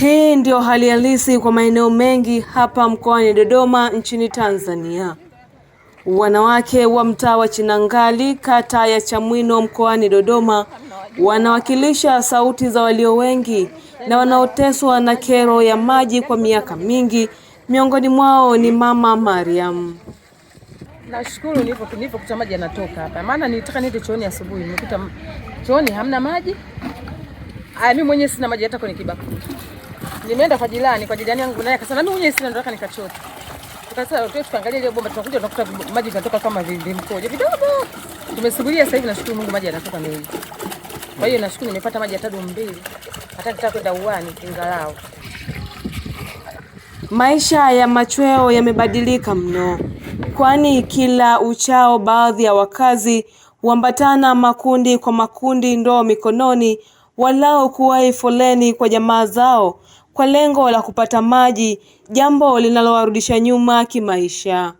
Hii ndio hali halisi kwa maeneo mengi hapa mkoani Dodoma nchini Tanzania. Wanawake wa mtaa wa Chinangali kata ya Chamwino mkoani Dodoma wanawakilisha sauti za walio wengi na wanaoteswa na kero ya maji kwa miaka mingi. Miongoni mwao ni Mama Mariam. Nashukuru kuta maji yanatoka hapa, maana nilitaka niende chooni asubuhi, nimekuta chooni hamna maji. Aya, mimi mwenyewe sina maji hata kwenye kibakuli Nimeenda kwa jirani kwa jirani yangu naye akasema mimi mwenyewe sina ndoka nikachote. Tukasema tukaangalia ile bomba tunakuja tunakuta maji yanatoka kama vile mkojo vidogo. Tumesubiria sasa hivi nashukuru Mungu maji yanatoka mengi. Kwa hiyo nashukuru nimepata maji atadu mbili. Hata nitaka kwenda uani kingalao. Maisha ya machweo yamebadilika mno, kwani kila uchao baadhi ya wakazi huambatana makundi kwa makundi, ndoo mikononi, walao kuwahi foleni kwa jamaa zao kwa lengo la kupata maji, jambo linalowarudisha nyuma kimaisha.